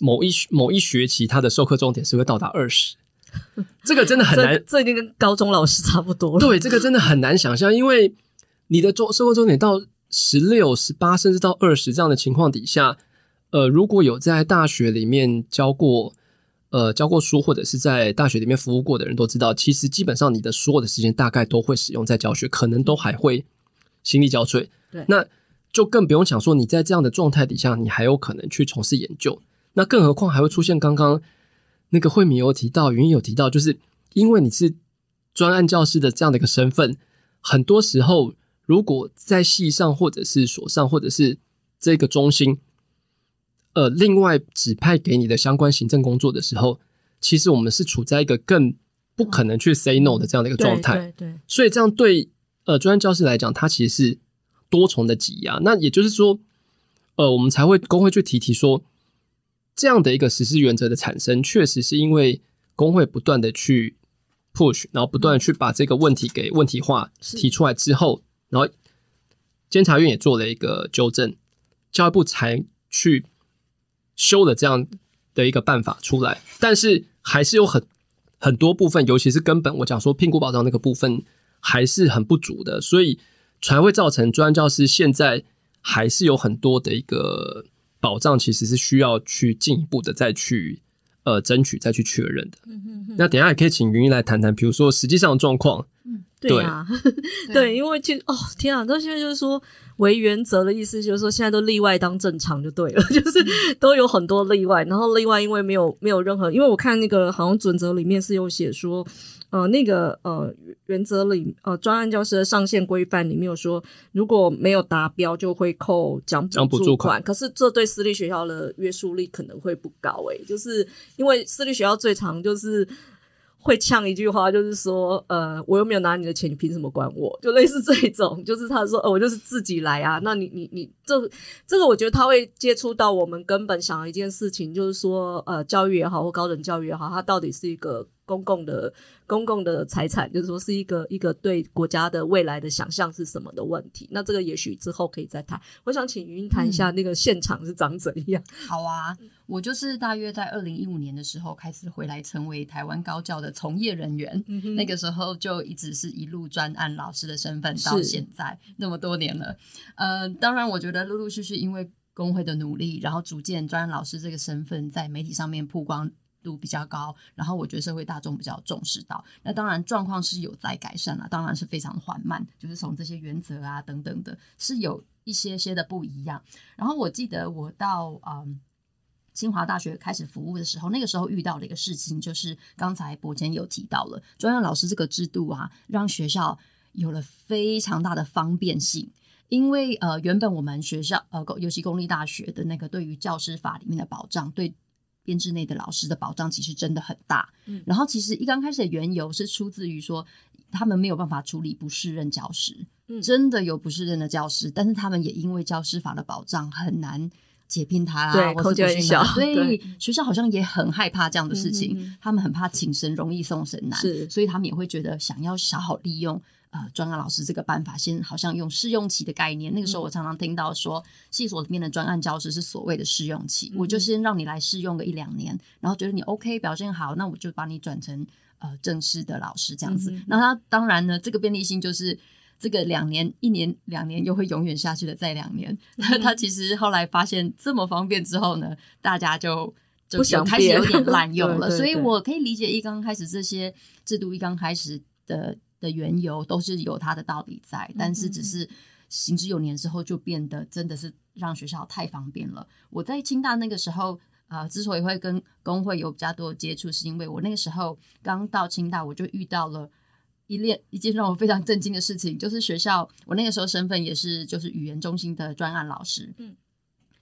某一某一學期他的授課鐘點是會到達二十，這個真的很難這，這已經跟高中老師差不多了。對，這個真的很難想象，因為你的中，授課鐘點到十六、十八，甚至到二十這樣的情況底下。呃，如果有在大學裡面教過，呃，教過書或者是在大學裡面服務過的人都知道，其實基本上你的所有的時間大概都會使用在教學，可能都還會心力交瘁。對，那就更不用想說你在這樣的狀態底下，你還有可能去從事研究。那更何況還會出現剛剛那個惠敏有提到，芸茵有提到，就是因為你是專案教師的這樣的一個身份，很多時候如果在系上或者是所上或者是這個中心。呃，另外指派給你的相關行政工作的時候，其實我們是處在一個更不可能去 say no 的這樣的一個狀態，對對。對，所以這樣對呃專案教師來講，它其實是多重的擠壓啊。那也就是說，呃，我們才會工會去提提說，這樣的一個實施原則的產生，確實是因為工會不斷的去 push，然後不斷地去把這個問題給問題化提出來之後，然後監察院也做了一個糾正，教育部才去。修了這樣的一個辦法出來，但是還是有很很多部分，尤其是根本我講說，聘僱保障那個部分還是很不足的，所以才會造成專案教師現在還是有很多的一個保障，其實是需要去進一步的再去呃爭取再去確認的。嗯、哼哼，那等一下也可以請芸茵來談談，比如說實際上狀況。對呀、啊，對， [laughs] 對對啊、因為就哦，天啊，那現在就是說，為原則的意思就是說，現在都例外當正常就對了，就是都有很多例外。然後例外，因為沒有沒有任何，因為我看那個好像準則裡面是有寫說，呃，那個呃原則裡呃專案教師的上限規範裡面有說，如果沒有達標就會扣獎補助款，可是這對私立學校的約束力可能會不高誒、欸、就是因為私立學校最常就是。會嗆一句話，就是說，呃，我又沒有拿你的錢，你憑什麼管我？就類似這一種，就是他說，呃，我就是自己來啊。那你你你，這這個，我覺得他會接觸到我們根本想的一件事情，就是說，呃，教育也好，或高等教育也好，他到底是一個。公共的公共的財產，就是說是一個一個對國家的未來的想象是什麼的問題。那這個也許之後可以再談。我想請芸談一,一下那個現場是長怎樣。嗯、好啊，我就是大約在二零一五年的時候開始回來，成為台灣高教的從業人員、嗯。那個時候就一直是一路專案老師的身份，到現在那麼多年了。呃，當然，我覺得陸陸續續因為工會的努力，然後逐漸專案老師這個身份在媒體上面曝光度比較高，然後我覺得社會大眾比較重視到。那當然狀況是有在改善了，啊，當然是非常緩慢，就是從這些原則啊等等的，是有一些些的不一樣。然後我記得我到嗯清華大學開始服務的時候，那個時候遇到了一個事情，就是剛才柏謙有提到了專案老師這個制度啊，讓學校有了非常大的方便性，因為呃原本我們學校呃尤其公立大學的那個對於教師法裡面的保障對。編制內的老師的保障其實真的很大，嗯，然後其實一剛開始的緣由是出自於說他們沒有辦法處理不適任教師，嗯，真的有不適任的教師，但是他們也因為教師法的保障很難解聘他啦、啊，對，所以學校好像也很害怕這樣的事情、嗯哼哼，他們很怕請神容易送神難，是，所以他們也會覺得想要好好利用。呃，專案老師這個辦法，先好像用試用期的概念。那個時候，我常常聽到說，嗯、系所裡面的專案教師是所謂的試用期，嗯嗯，我就先讓你來試用個一兩年，然後覺得你 OK 表現好，那我就把你轉成呃正式的老師這樣子嗯嗯嗯。那他當然呢，這個便利性就是這個兩年、一年、兩年又會永遠下去的再兩年。那、嗯嗯、 [laughs] 他其實後來發現這麼方便之後呢，大家就就想開始有點濫用了 [laughs] 對對對對。所以我可以理解，一剛開始這些制度一剛開始的。的緣由都是有它的道理在，但是只是行之有年之後，就變得真的是讓學校太方便了。我在清大那個時候，啊、呃，之所以會跟工會有比較多的接觸，是因為我那個時候剛到清大，我就遇到了一列一件讓我非常震驚的事情，就是學校，我那個時候身份也是就是語言中心的專案老師，嗯，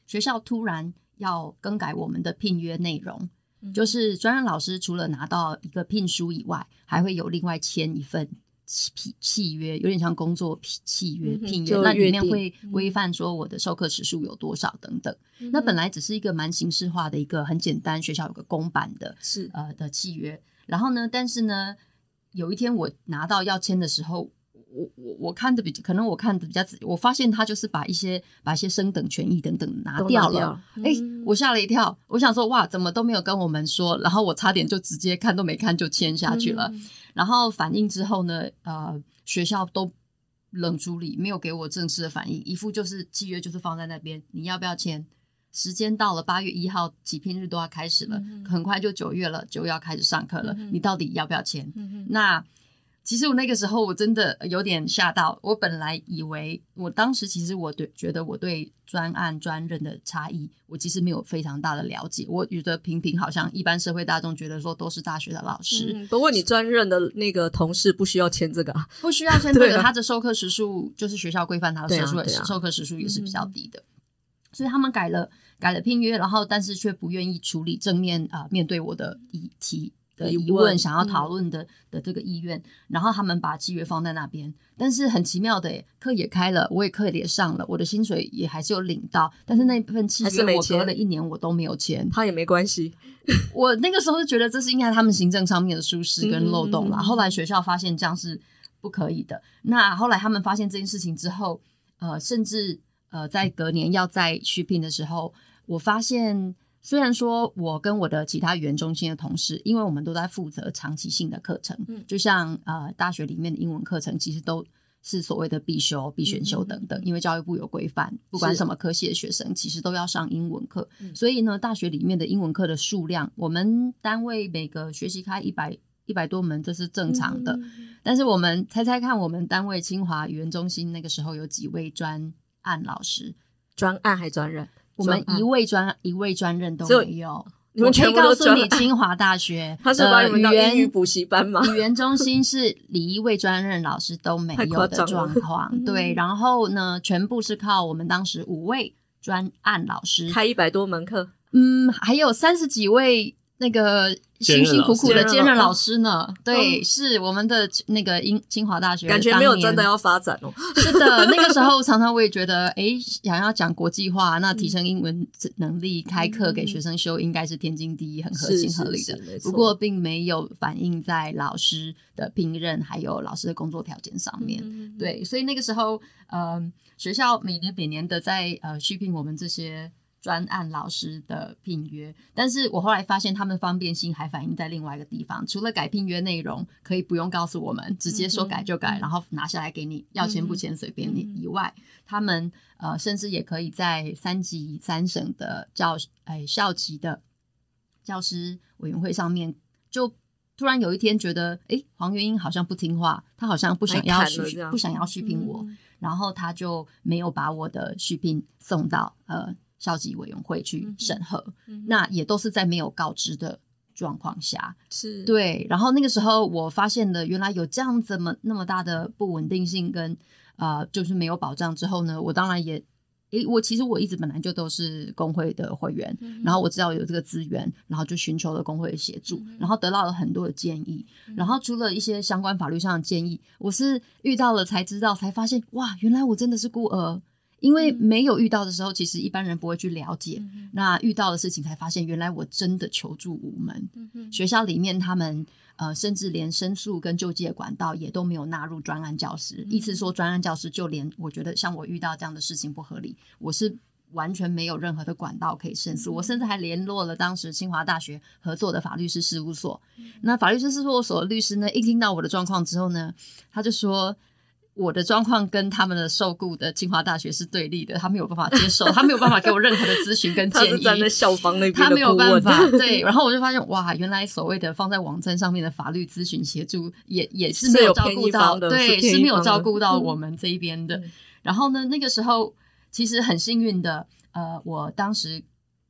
學校突然要更改我們的聘約內容，就是專案老師除了拿到一個聘書以外，還會有另外簽一份。契契約有點像工作契契約聘約、嗯，那裡面會規範說我的授課時數有多少等等、嗯。那本來只是一個蠻形式化的一個很簡單，學校有個公版的，是呃的契約。然後呢，但是呢，有一天我拿到要簽的時候。我我我看的比較，可能我看的比較我發現他就是把一些把一些升等權益等等拿掉了。哎、欸，我嚇了一跳，我想說哇，怎麼都沒有跟我們說？然後我差點就直接看都沒看就簽下去了嗯嗯。然後反應之後呢，呃，學校都冷處理，沒有給我正式的反應，一副就是契約就是放在那邊，你要不要簽？時間到了八月一號起聘日都要開始了，很快就九月了就要開始上課了，你到底要不要簽、嗯嗯？那。其實我那個時候我真的有點嚇到，我本來以為我當時其實我對覺得我對專案專任的差異，我其實沒有非常大的了解。我覺得平平好像一般社會大眾覺得說都是大學的老師，不過你專任的那個同事不需要簽這個，不需要簽這個，啊、他的授課時數就是學校規範他的時數、啊啊、授課時數也是比較低的，嗯、所以他們改了改了聘約，然後但是卻不願意處理正面啊、呃、面對我的議題。的疑問，疑問，想要討論的的這個意願、嗯，然後他們把契約放在那邊，但是很奇妙的欸，課也開了，我也課也上了，我的薪水也還是有領到，但是那一份契約我隔了一年，我，了一年我都沒有簽，他也沒關係。 [laughs] 我那個時候就覺得這是應該他們行政上面的疏失跟漏洞了、嗯嗯，後來學校發現這樣是不可以的。那後來他們發現這件事情之後，呃，甚至呃在隔年要再續聘的時候，我發現。雖然說，我跟我的其他語言中心的同事，因為我們都在負責長期性的課程，嗯，就像呃大學裡面的英文課程，其實都是所謂的必修、必選修等等、嗯嗯，因為教育部有規範，不管什麼科系的學生，其實都要上英文課、嗯。所以呢，大學裡面的英文課的數量，我們單位每個學期開一百一百多門，這是正常的、嗯。但是我們猜猜看，我們單位清華語言中心那個時候有幾位專案老師？專案還專任？我們一位專一位專任都沒有，你們全部都我可以告訴你，清華大學的語言，他是把你們當英語補習班嗎？語言中心是一位專任老師都沒有的狀況。對，然後呢，全部是靠我們當時五位專案老師開一百多門課，嗯，還有三十幾位。那個辛辛苦苦的兼任，任，任老師呢？對、嗯，是我們的那個英清華大學。感覺沒有真的要發展哦。 [laughs] 是的，那個時候常常我也覺得，哎、欸，想要講國際化，那提升英文能力、嗯、開課給學生修，應該是天經地義，很合情合理的。是是是是，不過並沒有反映在老師的聘任還有老師的工作條件上面、嗯。對，所以那個時候，嗯，學校每年每年的在呃續聘我們這些。專案老師的聘約，但是我後來發現他們方便性還反映在另外一個地方，除了改聘約內容可以不用告訴我們，直接說改就改，嗯、然後拿下來給你、嗯、要簽不簽隨便你以外，嗯嗯、他們呃甚至也可以在三級三省的教誒、欸、校級的教師委員會上面，就突然有一天覺得誒、欸、黃芸茵好像不聽話，他好像不想要續不想要續聘我、嗯，然後他就沒有把我的續聘送到呃。校級委員會去審核、嗯嗯，那也都是在沒有告知的狀況下，是對。然後那個時候，我發現了原來有這樣子麼那麼大的不穩定性跟啊、呃，就是沒有保障之後呢，我當然也誒、欸，我其實我一直本來就都是工會的會員，嗯、然後我知道有這個資源，然後就尋求了工會的協助、嗯，然後得到了很多的建議、嗯，然後除了一些相關法律上的建議，嗯、我是遇到了才知道，才發現哇，原來我真的是孤兒。因為沒有遇到的時候、嗯，其實一般人不會去了解。嗯、那遇到的事情，才發現原來我真的求助無門、嗯。學校裡面他們呃，甚至連申訴跟救濟的管道也都沒有納入專案教師。嗯、意思說，專案教師就連我覺得像我遇到這樣的事情不合理，我是完全沒有任何的管道可以申訴。嗯、我甚至還聯絡了當時清華大學合作的法律師事務所、嗯。那法律師事務所的律師呢，一聽到我的狀況之後呢，他就說。我的狀況跟他們的受雇的清華大學是對立的，他沒有辦法接受，他沒有辦法給我任何的諮詢跟建議。 [laughs] 他是站在校方那邊的顧問。對，然後我就發現哇，原來所謂的放在網站上面的法律諮詢協助也，也也是沒有照顧到，的對是的，是沒有照顧到我們這一邊的、嗯。然後呢，那個時候其實很幸運的，呃，我當時。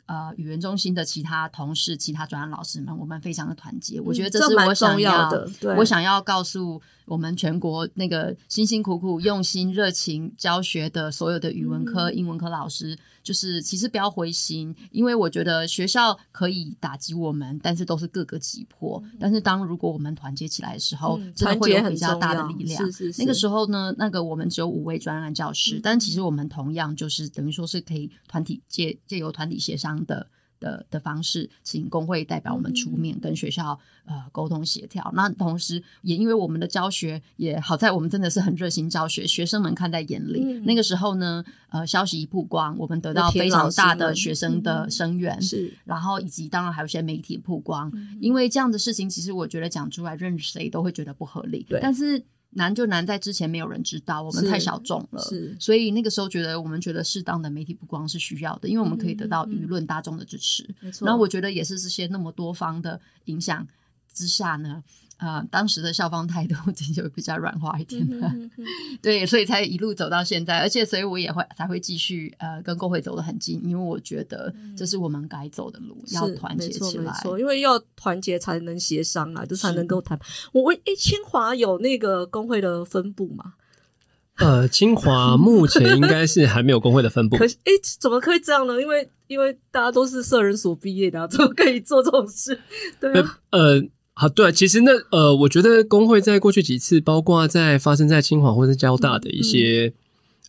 呃，語言中心的其他同事、其他專案老師們，我們非常的團結、嗯。我覺得這是我想要，嗯、要的，我想要告訴我們全國那個辛辛苦苦、嗯、用心、熱情教學的所有的語文科、英文科老師。就是其實不要灰心，因為我覺得學校可以打擊我們，但是都是各個擊破、嗯。但是當如果我們團結起來的時候，嗯、真的會有比較大的力量。是是，是。那個時候呢，那個我們只有五位專案教師、嗯，但其實我們同樣就是等於說是可以團體借借由團體協商的。的的方式，請工會代表我們出面跟學校、嗯、呃溝通協調。那同時也因為我們的教學也好在，我們真的是很熱心教學，學生們看在眼裡、嗯。那個時候呢，呃，消息一曝光，我們得到非常大的學生的聲援，是。然後以及當然還有一些媒體曝光、嗯，因為這樣的事情，其實我覺得講出來，任誰都會覺得不合理。對，但是。難就難在之前沒有人知道，我們太小眾了，所以那個時候覺得我們覺得適當的媒體曝光是需要的，因為我們可以得到輿論大眾的支持，嗯嗯嗯，沒錯。然後我覺得也是這些那麼多方的影響之下呢。啊、呃，當時的校方態度這就比較軟化一點了，嗯、哼哼 [laughs] 對，所以才一路走到現在。而且，所以我也會才會繼續呃跟工會走得很近，因為我覺得這是我們該走的路，嗯、要團結起來，因為要團結才能協商啊，就才能夠談。我問，誒，清華有那個工會的分部嗎？呃，清華目前應該是還沒有工會的分部。 [laughs] 可是，哎，怎麼可以這樣呢？因為因為大家都是社人所畢業的、啊，怎麼可以做這種事？對、啊、呃。好，對、啊，其實那呃，我覺得工會在過去幾次，包括在發生在清華或者交大的一些、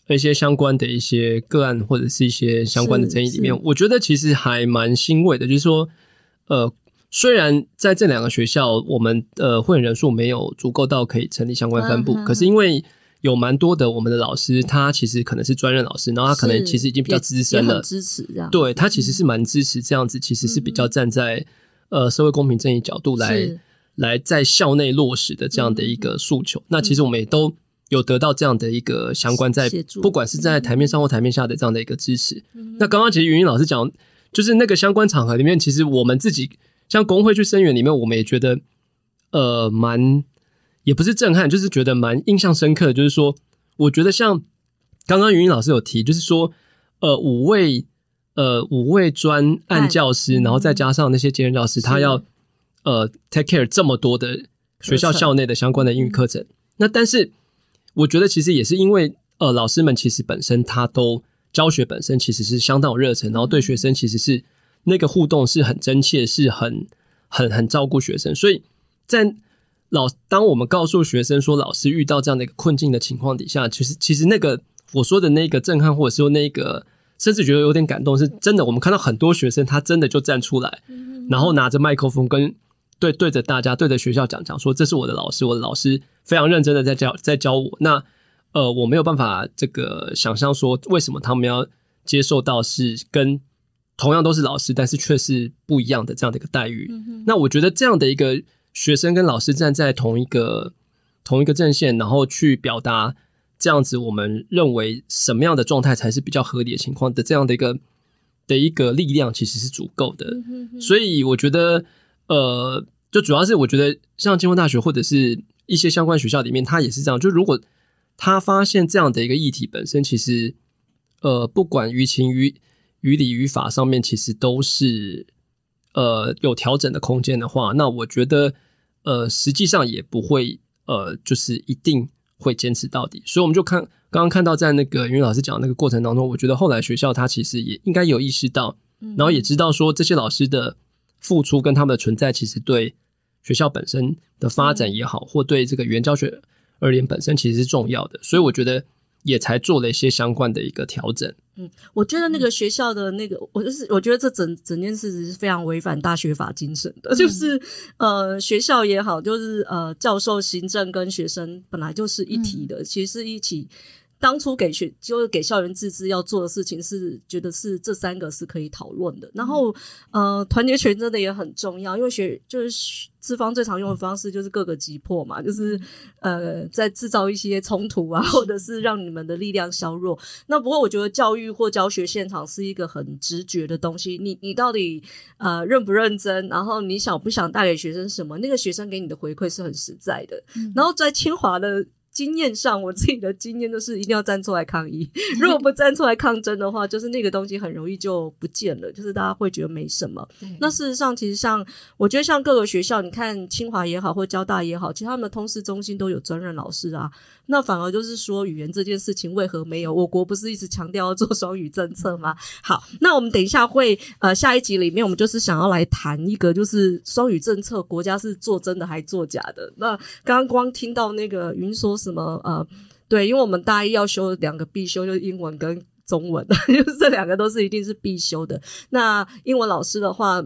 嗯、一些相關的一些個案，或者是一些相關的爭議裡面，我覺得其實還蠻欣慰的。就是說，呃，雖然在這兩個學校，我們呃會員人數沒有足夠到可以成立相關分部、嗯嗯，可是因為有蠻多的我們的老師，他其實可能是專任老師，然後他可能其實已經比較資深了，支持這樣對他其實是蠻支持，這樣子、嗯、其實是比較站在。呃，社會公平正義角度來來在校內落實的這樣的一個訴求、嗯嗯，那其實我們也都有得到這樣的一個相關在，不管是在台面上或台面下的這樣的一個支持。嗯、那剛剛其實芸茵老師講，就是那個相關場合裡面，其實我們自己像工會去聲援，裡面我們也覺得，呃，蠻也不是震撼，就是覺得蠻印象深刻的。就是說，我覺得像剛剛芸茵老師有提，就是說，呃，五位。呃，五位專案教師、嗯，然後再加上那些兼任教師，嗯、他要、嗯、呃 take care 這麼多的學校校內的相關的英語課程。嗯、那但是我覺得其實也是因為呃，老師們其實本身他都教學本身其實是相當有熱忱，嗯、然後對學生其實是那個互動是很真切，是很很很照顧學生。所以在老當我們告訴學生說老師遇到這樣的一個困境的情況底下，其實其實那個我說的那個震撼，或者是說那個。甚至覺得有點感動，是真的。我們看到很多學生，他真的就站出來，然後拿着麥克風跟對對着大家、對着學校講講，說：“這是我的老師，我的老師非常認真的在教，在教我。”那呃，我沒有辦法這個想象說，為什麼他們要接受到是跟同樣都是老師，但是卻是不一樣的這樣的一個待遇。那我覺得這樣的一個學生跟老師站在同一個同一個陣線，然後去表達。這樣子，我們認為什麼樣的狀態才是比較合理的情況的這樣的一個的一個力量其實是足夠的，所以我覺得，呃，就主要是我覺得像清華大學或者是一些相關學校裡面，它也是這樣。就如果他發現這樣的一個議題本身，其實呃，不管於情於於理於法上面，其實都是呃有調整的空間的話，那我覺得呃，實際上也不會呃，就是一定。會堅持到底，所以我們就看剛剛看到，在那個芸老師講那個過程當中，我覺得後來學校他其實也應該有意識到，然後也知道說，這些老師的付出跟他們的存在，其實對學校本身的發展也好，或對這個語言教學而言本身其實是重要的，所以我覺得。也才做了一些相關的一個調整。嗯，我覺得那個學校的那個，嗯、我就是我覺得這整整件事是非常違反大學法精神的。嗯、就是呃，學校也好，就是呃，教授行政跟學生本來就是一體的，嗯、其實是一起。當初給學就是給校園自治要做的事情是，覺得是這三個是可以討論的。然後，呃，團結權真的也很重要，因為學就是資方最常用的方式就是各個擊破嘛，就是呃，在制造一些衝突啊，或者是讓你們的力量削弱。那不過我覺得教育或教學現場是一個很直覺的東西，你你到底呃認不認真，然後你想不想帶給學生什麼，那個學生給你的回饋是很實在的。然後在清華的。經驗上，我自己的經驗就是一定要站出來抗議。 [laughs] 如果不站出來抗爭的話，就是那個東西很容易就不見了，就是大家會覺得沒什麼。那事實上，其實像我覺得，像各個學校，你看清華也好，或交大也好，其實他們的通識中心都有專任老師啊。那反而就是說，語言這件事情為何沒有？我國不是一直強調要做雙語政策嗎？好，那我們等一下會呃，下一集裡面我們就是想要來談一個，就是雙語政策，國家是做真的還是做假的？那剛剛光聽到那個芸說什麼？呃，對，因為我們大一要修兩個必修，就是英文跟中文， [laughs] 就是這兩個都是一定是必修的。那英文老師的話，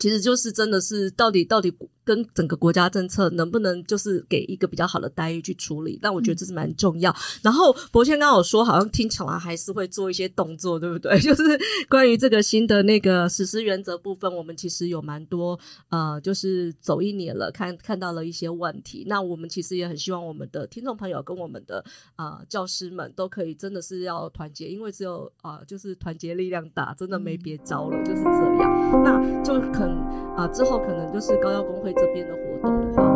其實就是真的是到底到底。跟整個國家政策能不能就是給一個比較好的待遇去處理？但我覺得這是蠻重要。嗯、然後柏謙剛剛有說，好像聽起來還是會做一些動作，對不對？就是關於這個新的那個實施原則部分，我們其實有蠻多呃，就是走一年了，看看到了一些問題。那我們其實也很希望我們的聽眾朋友跟我們的啊、呃、教師們都可以真的是要團結，因為只有啊、呃、就是團結力量大，真的沒別招了，就是這樣。那就肯啊、呃、之後可能就是高教工會。這邊的活動的話。